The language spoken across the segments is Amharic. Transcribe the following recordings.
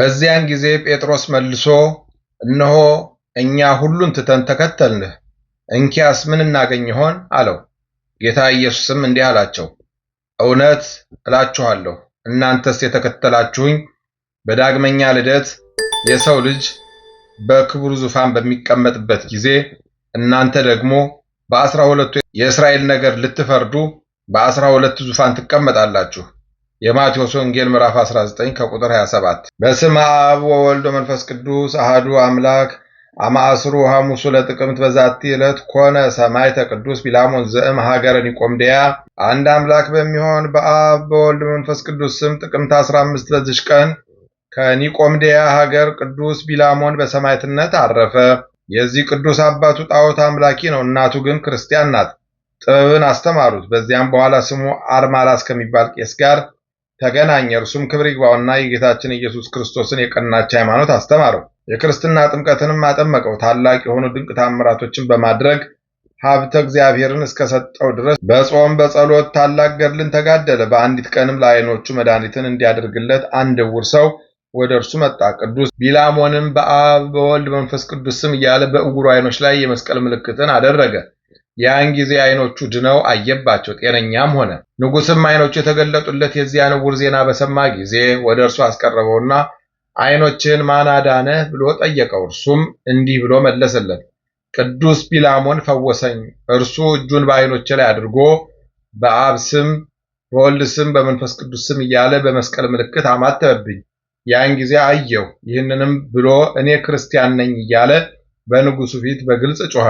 በዚያን ጊዜ ጴጥሮስ መልሶ እነሆ እኛ ሁሉን ትተን ተከተልንህ፣ እንኪያስ ምን እናገኝ ይሆን አለው። ጌታ ኢየሱስም እንዲህ አላቸው፣ እውነት እላችኋለሁ እናንተስ የተከተላችሁኝ በዳግመኛ ልደት የሰው ልጅ በክብሩ ዙፋን በሚቀመጥበት ጊዜ እናንተ ደግሞ በአስራ ሁለቱ የእስራኤል ነገድ ልትፈርዱ በአስራ ሁለቱ ዙፋን ትቀመጣላችሁ። የማቴዎስ ወንጌል ምዕራፍ 19 ከቁጥር 27። በስመ አብ ወወልድ መንፈስ ቅዱስ አህዱ አምላክ አማእስሩ ሐሙሱ ለጥቅምት በዛቲ ዕለት ኮነ ሰማዕተ ቅዱስ ቢላሞን ዘእምሀገረ ኒቆምድያ። አንድ አምላክ በሚሆን በአብ በወልድ መንፈስ ቅዱስ ስም ጥቅምት 15 በዚች ቀን ከኒቆምዲያ ሀገር ቅዱስ ቢላሞን በሰማዕትነት አረፈ። የዚህ ቅዱስ አባቱ ጣዖት አምላኪ ነው፣ እናቱ ግን ክርስቲያን ናት። ጥበብን አስተማሩት። በዚያም በኋላ ስሙ አርማላስ ከሚባል ቄስ ጋር ተገናኘ። እርሱም ክብር ይግባውና የጌታችን ኢየሱስ ክርስቶስን የቀናች ሃይማኖት አስተማረው። የክርስትና ጥምቀትንም አጠመቀው። ታላቅ የሆኑ ድንቅ ታምራቶችን በማድረግ ሀብተ እግዚአብሔርን እስከሰጠው ድረስ በጾም በጸሎት ታላቅ ገድልን ተጋደለ። በአንዲት ቀንም ለዓይኖቹ መድኃኒትን እንዲያደርግለት አንድ ዕውር ሰው ወደ እርሱ መጣ። ቅዱስ ቢላሞንም በአብ በወልድ በመንፈስ ቅዱስ ስም እያለ በዕውሩ ዓይኖች ላይ የመስቀል ምልክትን አደረገ። ያን ጊዜ አይኖቹ ድነው አየባቸው፣ ጤነኛም ሆነ። ንጉሥም አይኖቹ የተገለጡለት የዚያን ዕውር ዜና በሰማ ጊዜ ወደ እርሱ አስቀረበውና አይኖችን ማን አዳነህ ብሎ ጠየቀው። እርሱም እንዲህ ብሎ መለሰለት፣ ቅዱስ ቢላሞን ፈወሰኝ። እርሱ እጁን በአይኖች ላይ አድርጎ በአብ ስም በወልድ ስም በመንፈስ ቅዱስ ስም እያለ በመስቀል ምልክት አማተበብኝ። ያን ጊዜ አየሁ። ይህንንም ብሎ እኔ ክርስቲያን ነኝ እያለ በንጉሱ ፊት በግልጽ ጮኸ።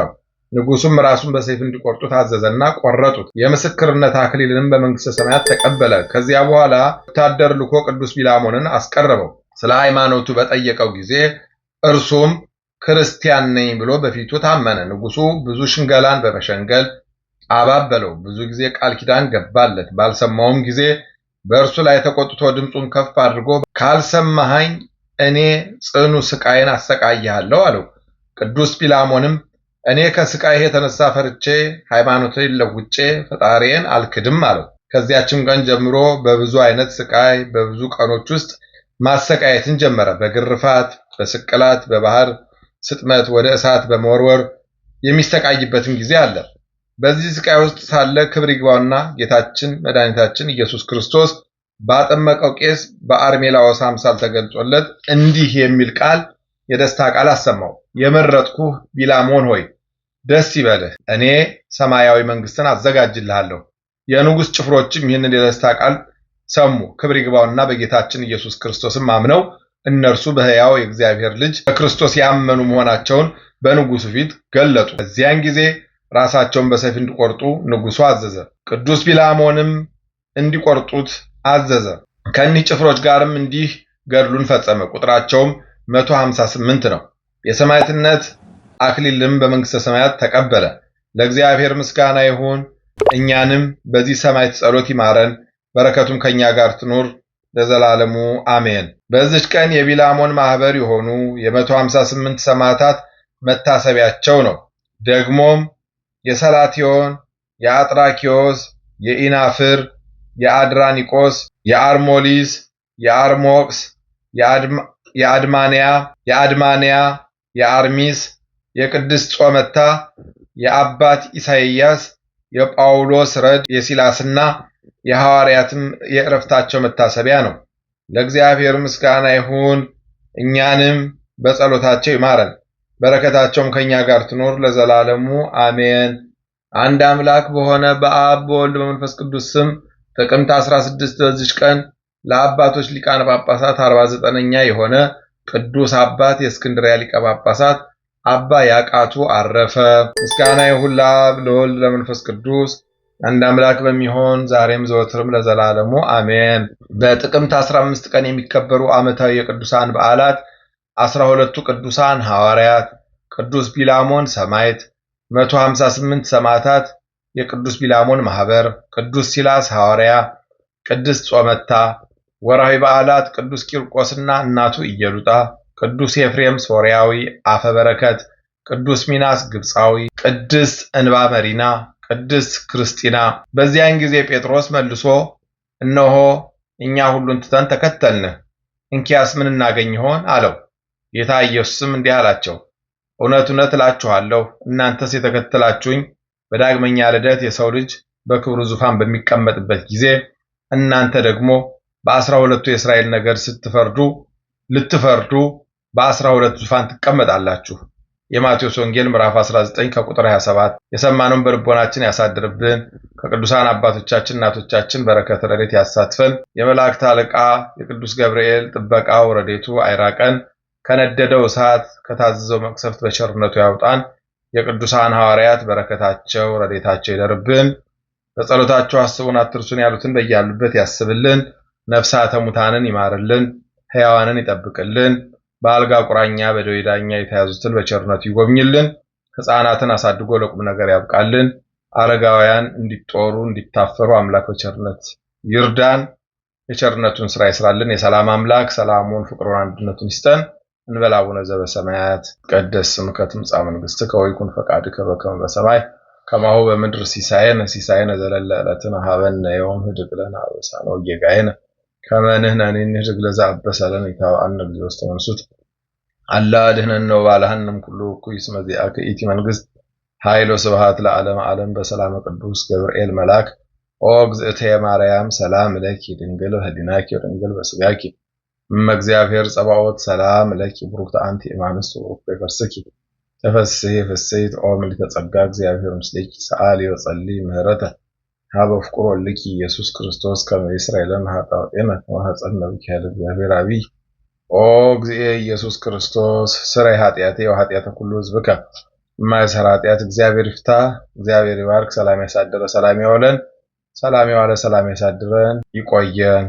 ንጉሱም ራሱን በሰይፍ እንዲቆርጡ ታዘዘና ቆረጡት። የምስክርነት አክሊልንም በመንግስተ ሰማያት ተቀበለ። ከዚያ በኋላ ወታደር ልኮ ቅዱስ ቢላሞንን አስቀረበው። ስለ ሃይማኖቱ በጠየቀው ጊዜ እርሱም ክርስቲያን ነኝ ብሎ በፊቱ ታመነ። ንጉሱ ብዙ ሽንገላን በመሸንገል አባበለው። ብዙ ጊዜ ቃል ኪዳን ገባለት። ባልሰማውም ጊዜ በእርሱ ላይ ተቆጥቶ ድምፁን ከፍ አድርጎ ካልሰማኸኝ እኔ ጽኑ ስቃይን አሰቃይሃለሁ አለው። ቅዱስ ቢላሞንም እኔ ከስቃይ የተነሳ ፈርቼ ሃይማኖቴን ለውጬ ፈጣሪዬን አልክድም አለው። ከዚያችም ቀን ጀምሮ በብዙ አይነት ስቃይ በብዙ ቀኖች ውስጥ ማሰቃየትን ጀመረ። በግርፋት፣ በስቅላት፣ በባህር ስጥመት፣ ወደ እሳት በመወርወር የሚሰቃይበትም ጊዜ አለ። በዚህ ስቃይ ውስጥ ሳለ ክብር ይግባውና ጌታችን መድኃኒታችን ኢየሱስ ክርስቶስ ባጠመቀው ቄስ በአርሜላዎስ አምሳል ተገልጾለት እንዲህ የሚል ቃል የደስታ ቃል አሰማው። የመረጥኩህ ቢላሞን ሆይ ደስ ይበልህ፣ እኔ ሰማያዊ መንግስትን አዘጋጅልሃለሁ። የንጉሥ ጭፍሮችም ይህንን የደስታ ቃል ሰሙ። ክብር ይግባውና በጌታችን ኢየሱስ ክርስቶስም አምነው እነርሱ በሕያው የእግዚአብሔር ልጅ በክርስቶስ ያመኑ መሆናቸውን በንጉሱ ፊት ገለጡ። በዚያን ጊዜ ራሳቸውን በሰይፍ እንዲቆርጡ ንጉሱ አዘዘ። ቅዱስ ቢላሞንም እንዲቆርጡት አዘዘ። ከኒህ ጭፍሮች ጋርም እንዲህ ገድሉን ፈጸመ። ቁጥራቸውም 158 ነው። የሰማዕትነት አክሊልም በመንግሥተ ሰማያት ተቀበለ። ለእግዚአብሔር ምስጋና ይሁን። እኛንም በዚህ ሰማዕት ጸሎት ይማረን፣ በረከቱም ከእኛ ጋር ትኑር ለዘላለሙ አሜን። በዚች ቀን የቢላሞን ማኅበር የሆኑ የ158 ሰማዕታት መታሰቢያቸው ነው። ደግሞም የሰላቲዮን፣ የአጥራኪዎስ፣ የኢናፍር፣ የአድራኒቆስ፣ የአርሞሊስ፣ የአርሞቅስ፣ የአድማንያ የአድማንያ የአርሚስ የቅድስት ጾመታ የአባት ኢሳይያስ የጳውሎስ ረድ የሲላስና የሐዋርያትም የእረፍታቸው መታሰቢያ ነው። ለእግዚአብሔር ምስጋና ይሁን፣ እኛንም በጸሎታቸው ይማረን፣ በረከታቸውም ከእኛ ጋር ትኖር ለዘላለሙ አሜን። አንድ አምላክ በሆነ በአብ በወልድ በመንፈስ ቅዱስ ስም ጥቅምት 16 በዚች ቀን ለአባቶች ሊቃነ ጳጳሳት 49ኛ የሆነ ቅዱስ አባት የእስክንድሪያ ሊቀ ጳጳሳት አባ ያቃቱ አረፈ። ምስጋና ይሁን ለአብ ለወልድ ለመንፈስ ቅዱስ አንድ አምላክ በሚሆን ዛሬም ዘወትርም ለዘላለሙ አሜን። በጥቅምት 15 ቀን የሚከበሩ ዓመታዊ የቅዱሳን በዓላት 12ቱ ቅዱሳን ሐዋርያት፣ ቅዱስ ቢላሞን ሰማዕት፣ 158 ሰማዕታት፣ የቅዱስ ቢላሞን ማህበር ቅዱስ ሲላስ ሐዋርያ፣ ቅድስት ጾመታ ወራዊ በዓላት ቅዱስ ቂርቆስና እናቱ ኢየሉጣ፣ ቅዱስ ኤፍሬም ሶርያዊ አፈ በረከት፣ ቅዱስ ሚናስ ግብፃዊ፣ ቅድስት እንባ መሪና፣ ቅድስት ክርስቲና። በዚያን ጊዜ ጴጥሮስ መልሶ እነሆ እኛ ሁሉን ትተን ተከተልንህ፣ እንኪያስ ምን እናገኝ ይሆን አለው። ጌታ ኢየሱስም እንዲህ አላቸው፣ እውነት እውነት እላችኋለሁ እናንተስ የተከተላችሁኝ በዳግመኛ ልደት የሰው ልጅ በክብሩ ዙፋን በሚቀመጥበት ጊዜ እናንተ ደግሞ በአስራ ሁለቱ የእስራኤል ነገድ ስትፈርዱ ልትፈርዱ በአስራ ሁለቱ ዙፋን ትቀመጣላችሁ። የማቴዎስ ወንጌል ምዕራፍ 19 ከቁጥር 27። የሰማነውን በልቦናችን ያሳድርብን። ከቅዱሳን አባቶቻችን እናቶቻችን በረከት ረድኤት ያሳትፈን። የመላእክት አለቃ የቅዱስ ገብርኤል ጥበቃው ረድኤቱ አይራቀን። ከነደደው እሳት ከታዘዘው መቅሰፍት በቸርነቱ ያውጣን። የቅዱሳን ሐዋርያት በረከታቸው ረድኤታቸው ይደርብን። በጸሎታቸው አስቡን አትርሱን ያሉትን በያሉበት ያስብልን። ነፍሳተ ሙታንን ይማርልን፣ ሕያዋንን ይጠብቅልን፣ በአልጋ ቁራኛ በደዌ ዳኛ የተያዙትን በቸርነቱ ይጎብኝልን፣ ሕፃናትን አሳድጎ ለቁም ነገር ያብቃልን፣ አረጋውያን እንዲጦሩ እንዲታፈሩ አምላክ በቸርነት ይርዳን፣ የቸርነቱን ስራ ይስራልን። የሰላም አምላክ ሰላሙን፣ ፍቅሩን፣ አንድነቱን ይስጠን። እንበል አቡነ ዘበሰማያት ይትቀደስ ስምከ ትምጻእ መንግሥትከ ወይኩን ፈቃድከ በከመ በሰማይ ከማሁ በምድር ሲሳየነ ሲሳየነ ዘለለ ዕለትነ ሀበነ ዮም ኅድግ ለነ አበሳነ ወጌጋየነ ከመ ንሕነኒ ንህድግ ለዛ አበሳለን ይታወአነ እግዚኦስተ መንሱት አላ ድህነነ ወባልሃንም ኩሉ ኩይስ መዚአ ዚአከ ኢቲ መንግስት ሃይሎ ስብሃት ለዓለም ዓለም በሰላም ቅዱስ ገብርኤል መልአክ ኦ እግዝእትየ ማርያም ሰላም ለኪ ድንግል ህሊናኪ ወድንግል በስጋኪ እመ እግዚአብሔር ጸባኦት ሰላም ለኪ ብሩክት አንቲ እማንስት ወርኩ ይፈርስኪ ተፈስሒ ፍስሕት ኦ ምልዕተ ጸጋ እግዚአብሔር ምስሌኪ ሰአሊ ወጸልይ ምህረተ ሀበ ፍቁር ወልኪ ኢየሱስ ክርስቶስ ከመ ይስራኤለን ኃጣውዔነ ከመ ሐፀነ እግዚአብሔር አብይ ኦ እግዚእ ኢየሱስ ክርስቶስ ስራይ ኃጢአቴ ወኃጢአተ ኩሉ ህዝብከ የማይሰራ ኃጢአት እግዚአብሔር ይፍታ። እግዚአብሔር ይባርክ። ሰላም ያሳድረ፣ ሰላም ያውለን። ሰላም ያዋለ፣ ሰላም ያሳድረን፣ ይቆየን።